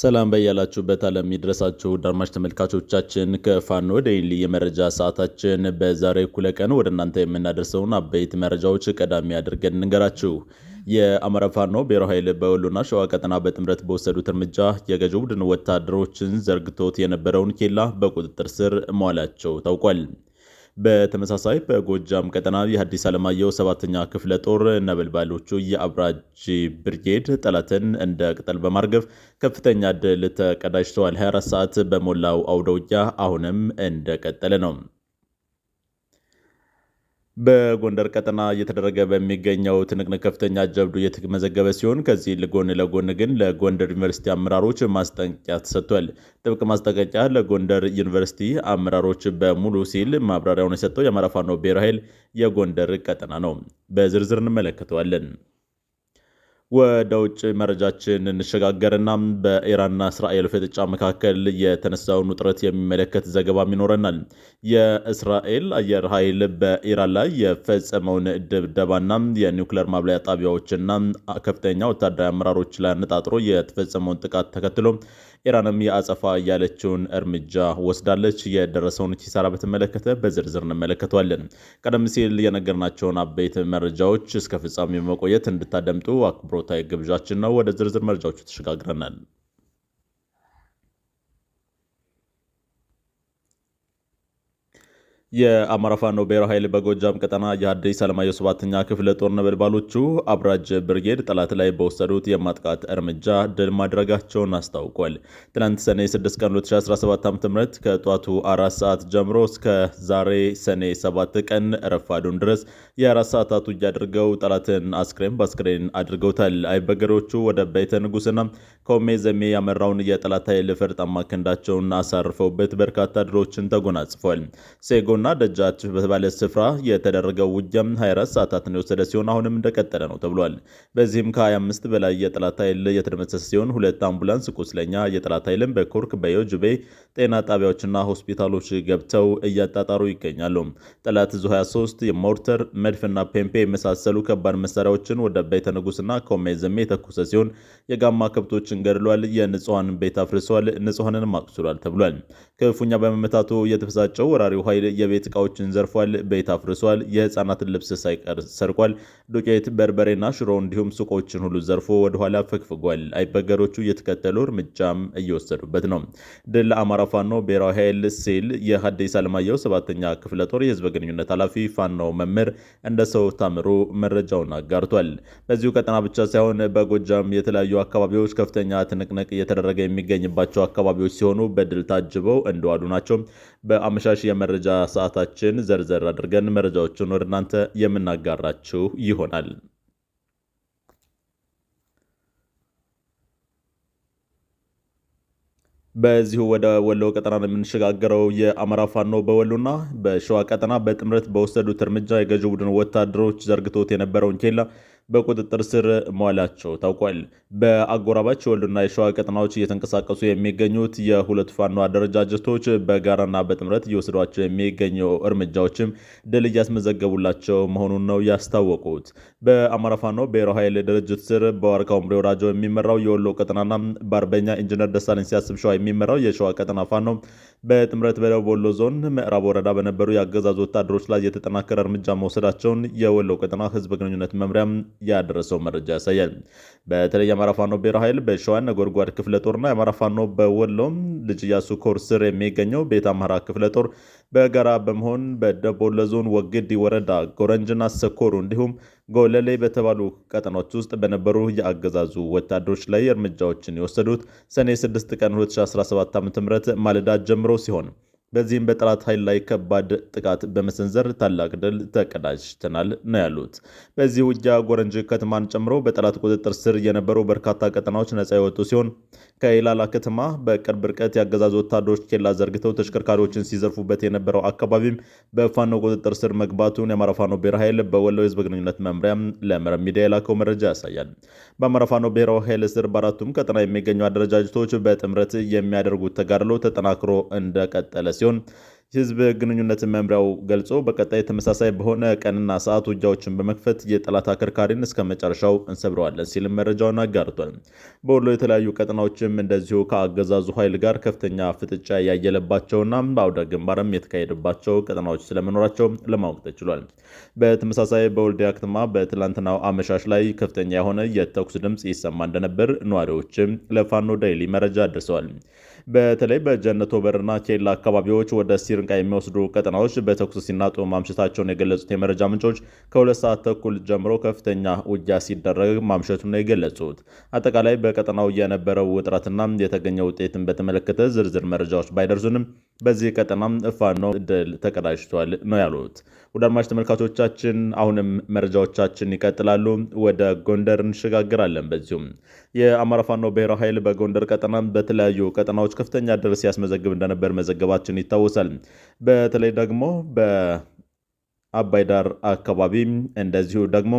ሰላም በያላችሁበት ዓለም ይድረሳችሁ አድማጭ ተመልካቾቻችን፣ ከፋኖ ዴይሊ የመረጃ ሰዓታችን በዛሬ እኩለ ቀን ወደ እናንተ የምናደርሰውን አበይት መረጃዎች ቀዳሚ አድርገን እንንገራችሁ። የአማራ ፋኖ ብሔራዊ ኃይል በወሎና ሸዋ ቀጠና በጥምረት በወሰዱት እርምጃ የገዢው ቡድን ወታደሮችን ዘርግቶት የነበረውን ኬላ በቁጥጥር ስር መዋላቸው ታውቋል። በተመሳሳይ በጎጃም ቀጠና የሀዲስ አለማየው ሰባተኛ ክፍለ ጦር ነበልባሎቹ የአብራጅ ብርጌድ ጠላትን እንደ ቅጠል በማርገፍ ከፍተኛ ድል ተቀዳጅተዋል። 24 ሰዓት በሞላው አውደ አሁንም እንደቀጠለ ነው። በጎንደር ቀጠና እየተደረገ በሚገኘው ትንቅንቅ ከፍተኛ ጀብዱ እየተመዘገበ ሲሆን ከዚህ ልጎን ለጎን ግን ለጎንደር ዩኒቨርሲቲ አመራሮች ማስጠንቀቂያ ተሰጥቷል። ጥብቅ ማስጠንቀቂያ ለጎንደር ዩኒቨርሲቲ አመራሮች በሙሉ ሲል ማብራሪያውን የሰጠው የአማራ ፋኖ ብሔራዊ ኃይል የጎንደር ቀጠና ነው። በዝርዝር እንመለከተዋለን። ወደ ውጭ መረጃችን እንሸጋገርና በኢራንና እስራኤል ፍጥጫ መካከል የተነሳውን ውጥረት የሚመለከት ዘገባም ይኖረናል። የእስራኤል አየር ኃይል በኢራን ላይ የፈጸመውን ድብደባና የኒውክሌር ማብለያ ጣቢያዎችና ከፍተኛ ወታደራዊ አመራሮች ላይ አነጣጥሮ የተፈጸመውን ጥቃት ተከትሎ ኢራንም የአጸፋ ያለችውን እርምጃ ወስዳለች። የደረሰውን ኪሳራ በተመለከተ በዝርዝር እንመለከተዋለን። ቀደም ሲል የነገርናቸውን አበይት መረጃዎች እስከ ፍጻሜ መቆየት እንድታደምጡ አክብሮታዊ ግብዣችን ነው። ወደ ዝርዝር መረጃዎቹ ተሸጋግረናል። የአማራ ፋኖ ብሔራዊ ኃይል በጎጃም ቀጠና የሐዲስ ዓለማየሁ ሰባተኛ ክፍለ ጦር ነበልባሎቹ አብራጅ ብርጌድ ጠላት ላይ በወሰዱት የማጥቃት እርምጃ ድል ማድረጋቸውን አስታውቋል። ትናንት ሰኔ 6 ቀን 2017 ም ከጧቱ አራት ሰዓት ጀምሮ እስከ ዛሬ ሰኔ 7 ቀን ረፋዱን ድረስ የአራት ሰዓታት ውጊያ አድርገው ጠላትን አስክሬን በአስክሬን አድርገውታል። አይበገሮቹ ወደ ቤተ ንጉስና ከሜ ዘሜ ያመራውን የጠላት ኃይል ፈርጣማ ክንዳቸውን አሳርፈውበት በርካታ ድሎችን ተጎናጽፏል። ሴጎ በጎንደርና ደጃች በተባለ ስፍራ የተደረገው ውጊያም 24 ሰዓታትን የወሰደ ሲሆን አሁንም እንደቀጠለ ነው ተብሏል። በዚህም ከ25 በላይ የጠላት ኃይል የተደመሰሰ ሲሆን ሁለት አምቡላንስ ቁስለኛ የጠላት ኃይልን በኮርክ በዮጅቤ ጤና ጣቢያዎችና ሆስፒታሎች ገብተው እያጣጣሩ ይገኛሉ። ጠላት ዙ 23 የሞርተር መድፍና ፔምፔ የመሳሰሉ ከባድ መሳሪያዎችን ወደ ቤተ ንጉስና ኮሜ ዘሜ የተኮሰ ሲሆን የጋማ ከብቶችን ገድሏል። የንጹሐን ቤት አፍርሷል። ንጹሐንን ማቁስሏል ተብሏል። ክፉኛ በመመታቱ የተፈሳጨው ወራሪው ኃይል የቤት እቃዎችን ዘርፏል፣ ቤት አፍርሷል፣ የህፃናትን ልብስ ሳይቀር ሰርቋል። ዱቄት፣ በርበሬና ሽሮ እንዲሁም ሱቆችን ሁሉ ዘርፎ ወደኋላ ፈግፍጓል። አይበገሮቹ እየተከተሉ እርምጃም እየወሰዱበት ነው። ድል አማራ ፋኖ ብሔራዊ ኃይል ሲል የሀዲስ አለማየሁ ሰባተኛ ክፍለ ጦር የህዝብ ግንኙነት ኃላፊ ፋኖ መምህር እንደ ሰው ታምሩ መረጃውን አጋርቷል። በዚሁ ቀጠና ብቻ ሳይሆን በጎጃም የተለያዩ አካባቢዎች ከፍተኛ ትንቅንቅ እየተደረገ የሚገኝባቸው አካባቢዎች ሲሆኑ በድል ታጅበው እንደዋሉ ናቸው። በአመሻሽ የመረጃ ሰዓታችን ዘርዘር አድርገን መረጃዎችን ወደ እናንተ የምናጋራችሁ ይሆናል። በዚሁ ወደ ወሎ ቀጠና የምንሸጋገረው የአማራ ፋኖ በወሎና በሸዋ ቀጠና በጥምረት በወሰዱት እርምጃ የገዢው ቡድን ወታደሮች ዘርግቶት የነበረውን ኬላ በቁጥጥር ስር መዋላቸው ታውቋል። በአጎራባች የወሎና የሸዋ ቀጠናዎች እየተንቀሳቀሱ የሚገኙት የሁለቱ ፋኖ አደረጃጀቶች በጋራና በጥምረት እየወሰዷቸው የሚገኙ እርምጃዎችም ድል እያስመዘገቡላቸው መሆኑን ነው ያስታወቁት። በአማራ ፋኖ ብሔራዊ ኃይል ድርጅት ስር በዋርካው ምሬ ወራጆ የሚመራው የወሎ ቀጠናና በአርበኛ ኢንጂነር ደሳለኝ ሲያስብ ሸዋ የሚመራው የሸዋ ቀጠና ፋኖ በጥምረት በደቡብ ወሎ ዞን ምዕራብ ወረዳ በነበሩ የአገዛዝ ወታደሮች ላይ የተጠናከረ እርምጃ መውሰዳቸውን የወሎ ቀጠና ህዝብ ግንኙነት መምሪያም ያደረሰው መረጃ ያሳያል። በተለይ የአማራ ፋኖ ብሔራዊ ኃይል በሸዋን ነጎድጓድ ክፍለ ጦርና የአማራ ፋኖ በወሎም ልጅ ያሱ ኮር ስር የሚገኘው ቤት አማራ ክፍለ ጦር በጋራ በመሆን በደቦለ ዞን ወግዲ ወረዳ ጎረንጅና ሰኮሩ እንዲሁም ጎለሌ በተባሉ ቀጠናዎች ውስጥ በነበሩ የአገዛዙ ወታደሮች ላይ እርምጃዎችን የወሰዱት ሰኔ 6 ቀን 2017 ዓ.ም ማለዳ ጀምሮ ሲሆን በዚህም በጠላት ኃይል ላይ ከባድ ጥቃት በመሰንዘር ታላቅ ድል ተቀዳጅተናል ነው ያሉት። በዚህ ውጊያ ጎረንጅ ከተማን ጨምሮ በጠላት ቁጥጥር ስር የነበሩ በርካታ ቀጠናዎች ነጻ የወጡ ሲሆን ከኢላላ ከተማ በቅርብ ርቀት ያገዛዙ ወታደሮች ኬላ ዘርግተው ተሽከርካሪዎችን ሲዘርፉበት የነበረው አካባቢም በፋኖ ቁጥጥር ስር መግባቱን የአማራ ፋኖ ብሔራዊ ኃይል በወሎ ህዝብ ግንኙነት መምሪያ ለመረብ ሚዲያ የላከው መረጃ ያሳያል። በአማራ ፋኖ ብሔራዊ ኃይል ስር በአራቱም ቀጠና የሚገኙ አደረጃጀቶች በጥምረት የሚያደርጉት ተጋድሎ ተጠናክሮ እንደቀጠለ ሲሆን ሲሆን የህዝብ ግንኙነትን መምሪያው ገልጾ በቀጣይ ተመሳሳይ በሆነ ቀንና ሰዓት ውጊያዎችን በመክፈት የጠላት አከርካሪን እስከ መጨረሻው እንሰብረዋለን ሲልም መረጃውን አጋርቷል። በወሎ የተለያዩ ቀጠናዎችም እንደዚሁ ከአገዛዙ ኃይል ጋር ከፍተኛ ፍጥጫ ያየለባቸውና በአውደ ግንባርም የተካሄደባቸው ቀጠናዎች ስለመኖራቸው ለማወቅ ተችሏል። በተመሳሳይ በወልዲያ ከተማ በትላንትናው አመሻሽ ላይ ከፍተኛ የሆነ የተኩስ ድምፅ ይሰማ እንደነበር ነዋሪዎችም ለፋኖ ዳይሊ መረጃ አድርሰዋል። በተለይ በጀነቶ በርና ኬላ አካባቢዎች ወደ ሲርንቃ የሚወስዱ ቀጠናዎች በተኩስ ሲናጡ ማምሸታቸውን የገለጹት የመረጃ ምንጮች ከሁለት ሰዓት ተኩል ጀምሮ ከፍተኛ ውጊያ ሲደረግ ማምሸቱን ነው የገለጹት። አጠቃላይ በቀጠናው የነበረው ውጥረትና የተገኘ ውጤትን በተመለከተ ዝርዝር መረጃዎች ባይደርሱንም በዚህ ቀጠናም ፋኖ ድል ተቀዳጅቷል ነው ያሉት። ወደ አድማጭ ተመልካቾቻችን አሁንም መረጃዎቻችን ይቀጥላሉ። ወደ ጎንደር እንሸጋግራለን። በዚሁም የአማራ ፋኖ ብሔራዊ ኃይል በጎንደር ቀጠና በተለያዩ ቀጠናዎች ከፍተኛ ድረስ ሲያስመዘግብ እንደነበር መዘገባችን ይታወሳል። በተለይ ደግሞ በአባይ ዳር አካባቢ እንደዚሁ ደግሞ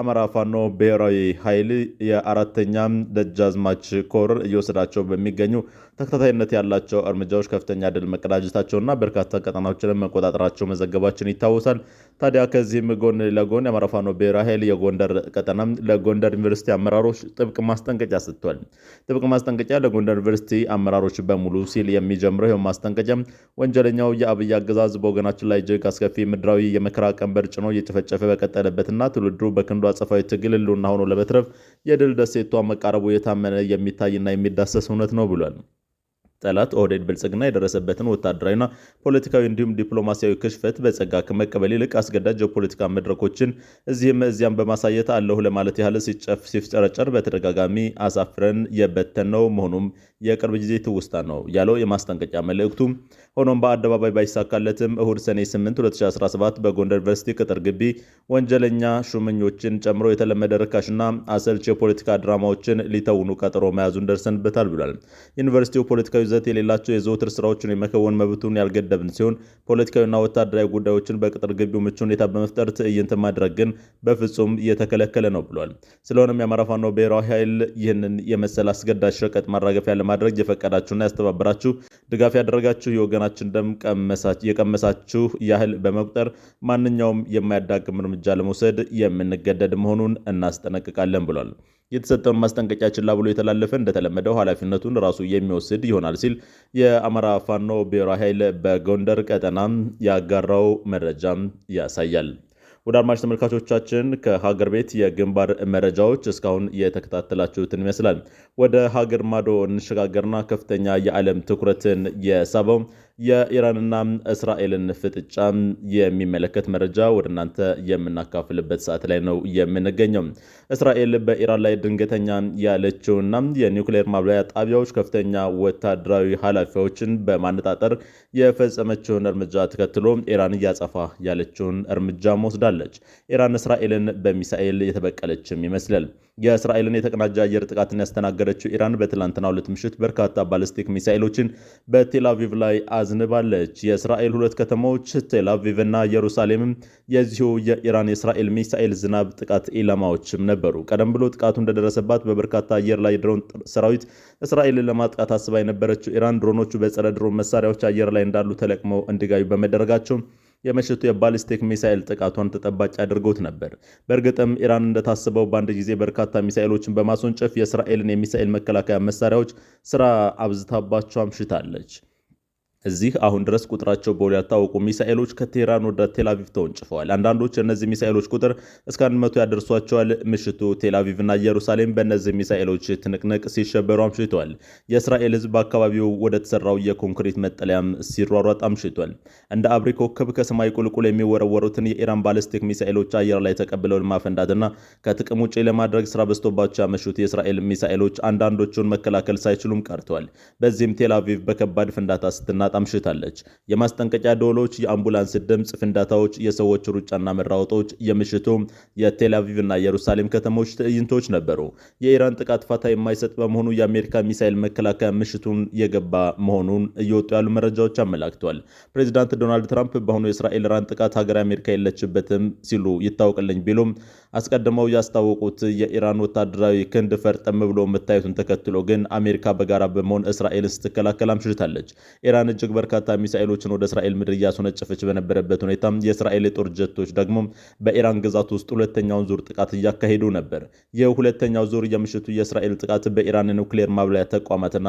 አማራ ፋኖ ብሔራዊ ኃይል የአራተኛ ደጃዝማች ኮር እየወሰዳቸው በሚገኙ ተከታታይነት ያላቸው እርምጃዎች ከፍተኛ ድል መቀዳጀታቸውና በርካታ ቀጠናዎችን መቆጣጠራቸው መዘገባችን ይታወሳል። ታዲያ ከዚህም ጎን ለጎን የአማራ ፋኖ ብሔራዊ ኃይል የጎንደር ቀጠና ለጎንደር ዩኒቨርሲቲ አመራሮች ጥብቅ ማስጠንቀቂያ ሰጥቷል። ጥብቅ ማስጠንቀቂያ ለጎንደር ዩኒቨርሲቲ አመራሮች በሙሉ ሲል የሚጀምረው ይህ ማስጠንቀቂያ ወንጀለኛው የአብይ አገዛዝ በወገናችን ላይ እጅግ አስከፊ ምድራዊ የመከራ ቀንበር ጭኖ እየጨፈጨፈ በቀጠለበትና ትውልዱ በክንዱ አጸፋዊ ትግል ህልውና ሆኖ ለመትረፍ የድል ደሴቷ መቃረቡ የታመነ የሚታይና የሚዳሰስ እውነት ነው ብሏል። ጠላት ኦህዴድ ብልጽግና የደረሰበትን ወታደራዊና ፖለቲካዊ እንዲሁም ዲፕሎማሲያዊ ክሽፈት በጸጋ ከመቀበል ይልቅ አስገዳጅ የፖለቲካ መድረኮችን እዚህም እዚያም በማሳየት አለሁ ለማለት ያህል ሲጨፍ ሲፍጨረጨር በተደጋጋሚ አሳፍረን ነው መሆኑም የቅርብ ጊዜ ትውስታ ነው ያለው የማስጠንቀቂያ መልእክቱ። ሆኖም በአደባባይ ባይሳካለትም እሁድ ሰኔ 8 2017 በጎንደር ዩኒቨርሲቲ ቅጥር ግቢ ወንጀለኛ ሹመኞችን ጨምሮ የተለመደ ርካሽና አሰልች የፖለቲካ ድራማዎችን ሊተውኑ ቀጠሮ መያዙን ደርሰንበታል ብሏል። ዩኒቨርሲቲው ፖለቲካዊ ይዘት የሌላቸው የዘውትር ስራዎችን የመከወን መብቱን ያልገደብን ሲሆን ፖለቲካዊና ወታደራዊ ጉዳዮችን በቅጥር ግቢው ምቹ ሁኔታ በመፍጠር ትዕይንት ማድረግ ግን በፍጹም የተከለከለ ነው ብሏል። ስለሆነም የአማራ ፋኖ ብሔራዊ ኃይል ይህንን የመሰል አስገዳጅ ሸቀጥ ማራገፊያ ለማድረግ የፈቀዳችሁና ያስተባበራችሁ ድጋፍ ያደረጋችሁ የወገናችን ደም የቀመሳችሁ ያህል በመቁጠር ማንኛውም የማያዳግም እርምጃ ለመውሰድ የምንገደድ መሆኑን እናስጠነቅቃለን ብሏል። የተሰጠውን ማስጠንቀቂያ ችላ ብሎ የተላለፈ እንደተለመደው ኃላፊነቱን ራሱ የሚወስድ ይሆናል ሲል የአማራ ፋኖ ብሔራዊ ኃይል በጎንደር ቀጠና ያጋራው መረጃም ያሳያል። ወደ አድማጭ ተመልካቾቻችን ከሀገር ቤት የግንባር መረጃዎች እስካሁን የተከታተላችሁትን ይመስላል። ወደ ሀገር ማዶ እንሸጋገርና ከፍተኛ የዓለም ትኩረትን የሳበው የኢራንና እስራኤልን ፍጥጫ የሚመለከት መረጃ ወደ እናንተ የምናካፍልበት ሰዓት ላይ ነው የምንገኘው። እስራኤል በኢራን ላይ ድንገተኛ ያለችውና የኒውክሌር ማብላያ ጣቢያዎች ከፍተኛ ወታደራዊ ኃላፊዎችን በማነጣጠር የፈጸመችውን እርምጃ ተከትሎ ኢራን እያጸፋ ያለችውን እርምጃ መወስዳለች። ኢራን እስራኤልን በሚሳኤል የተበቀለችም ይመስላል። የእስራኤልን የተቀናጀ አየር ጥቃትን ያስተናገደችው ኢራን በትላንትና ሁለት ምሽት በርካታ ባለስቲክ ሚሳኤሎችን በቴል አቪቭ ላይ አዝንባለች። የእስራኤል ሁለት ከተሞች ቴልአቪቭ እና ኢየሩሳሌምም የዚሁ የኢራን የእስራኤል ሚሳኤል ዝናብ ጥቃት ኢላማዎችም ነበሩ። ቀደም ብሎ ጥቃቱ እንደደረሰባት በበርካታ አየር ላይ ድሮን ሰራዊት እስራኤልን ለማጥቃት አስባ የነበረችው ኢራን ድሮኖቹ በጸረ ድሮን መሳሪያዎች አየር ላይ እንዳሉ ተለቅመው እንዲጋዩ በመደረጋቸው የመሸቱ የባሊስቲክ ሚሳኤል ጥቃቷን ተጠባቂ አድርጎት ነበር። በእርግጥም ኢራን እንደታስበው በአንድ ጊዜ በርካታ ሚሳኤሎችን በማስወንጨፍ የእስራኤልን የሚሳኤል መከላከያ መሳሪያዎች ስራ አብዝታባቸው አምሽታለች። እዚህ አሁን ድረስ ቁጥራቸው በውል ያልታወቁ ሚሳኤሎች ከቴህራን ወደ ቴላቪቭ ተወንጭፈዋል። አንዳንዶች እነዚህ ሚሳኤሎች ቁጥር እስከ 100 ያደርሷቸዋል። ምሽቱ እና ኢየሩሳሌም በእነዚህ ሚሳኤሎች ትንቅንቅ ሲሸበሩ አምሽቷል። የእስራኤል ህዝብ በአካባቢው ወደ ተሰራው የኮንክሪት መጠለያም ሲሯሯጥ አምሽቷል። እንደ አብሪ ኮከብ ከሰማይ ቁልቁል የሚወረወሩትን የኢራን ባለስቲክ ሚሳኤሎች አየር ላይ ተቀብለው ለማፈንዳትና ከጥቅም ውጪ ለማድረግ ስራ በዝቶባቸው ያመሹት የእስራኤል ሚሳኤሎች አንዳንዶቹን መከላከል ሳይችሉም ቀርተዋል። በዚህም ቴላቪቭ በከባድ ፍንዳታ ስትናጣ አምሽታለች። የማስጠንቀቂያ ደወሎች፣ የአምቡላንስ ድምፅ፣ ፍንዳታዎች፣ የሰዎች ሩጫና መራወጦች የምሽቱ የቴልአቪቭና ኢየሩሳሌም ከተሞች ትዕይንቶች ነበሩ። የኢራን ጥቃት ፋታ የማይሰጥ በመሆኑ የአሜሪካ ሚሳይል መከላከያ ምሽቱን የገባ መሆኑን እየወጡ ያሉ መረጃዎች አመላክቷል። ፕሬዚዳንት ዶናልድ ትራምፕ በአሁኑ የእስራኤል ኢራን ጥቃት ሀገር አሜሪካ የለችበትም ሲሉ ይታወቅልኝ ቢሉም አስቀድመው ያስታወቁት የኢራን ወታደራዊ ክንድ ፈርጠም ብሎ መታየቱን ተከትሎ ግን አሜሪካ በጋራ በመሆን እስራኤልን ስትከላከል አምሽታለች። ኢራን እጅግ በርካታ ሚሳኤሎችን ወደ እስራኤል ምድር እያስወነጨፈች በነበረበት ሁኔታ የእስራኤል የጦር ጀቶች ደግሞ በኢራን ግዛት ውስጥ ሁለተኛውን ዙር ጥቃት እያካሄዱ ነበር። የሁለተኛው ዙር የምሽቱ የእስራኤል ጥቃት በኢራን የኒውክሌር ማብላያ ተቋማትና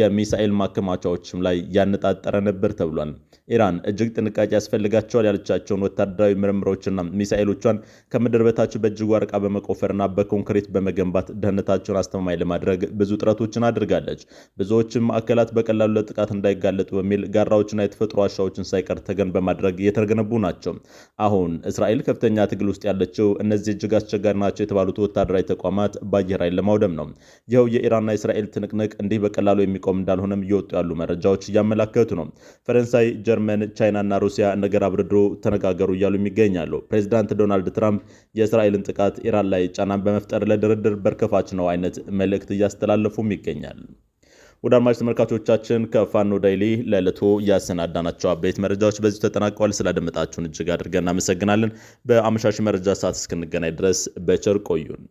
የሚሳኤል ማከማቻዎችም ላይ ያነጣጠረ ነበር ተብሏል። ኢራን እጅግ ጥንቃቄ ያስፈልጋቸዋል ያለቻቸውን ወታደራዊ ምርምሮችና ሚሳኤሎቿን ከምድር በታች በእጅጉ አርቃ በመቆፈርና በኮንክሪት በመገንባት ደህንነታቸውን አስተማማኝ ለማድረግ ብዙ ጥረቶችን አድርጋለች። ብዙዎችም ማዕከላት በቀላሉ ለጥቃት እንዳይጋለጡ በርሜል ጋራዎችና የተፈጥሮ ዋሻዎችን ሳይቀር ተገን በማድረግ እየተገነቡ ናቸው። አሁን እስራኤል ከፍተኛ ትግል ውስጥ ያለችው እነዚህ እጅግ አስቸጋሪ ናቸው የተባሉት ወታደራዊ ተቋማት በአየር ኃይል ለማውደም ነው። ይኸው የኢራንና እስራኤል ትንቅንቅ እንዲህ በቀላሉ የሚቆም እንዳልሆነም እየወጡ ያሉ መረጃዎች እያመላከቱ ነው። ፈረንሳይ፣ ጀርመን፣ ቻይናና ሩሲያ ነገር አብርድሮ ተነጋገሩ እያሉ ይገኛሉ። ፕሬዚዳንት ዶናልድ ትራምፕ የእስራኤልን ጥቃት ኢራን ላይ ጫናን በመፍጠር ለድርድር በርከፋች ነው አይነት መልእክት እያስተላለፉም ይገኛል። ወደ አድማጭ ተመልካቾቻችን ከፋኖ ዳይሊ ለዕለቱ ያሰናዳናቸው አበይት መረጃዎች በዚሁ ተጠናቀዋል። ስላደመጣችሁን እጅግ አድርገን እናመሰግናለን። በአመሻሽ መረጃ ሰዓት እስክንገናኝ ድረስ በቸር ቆዩን።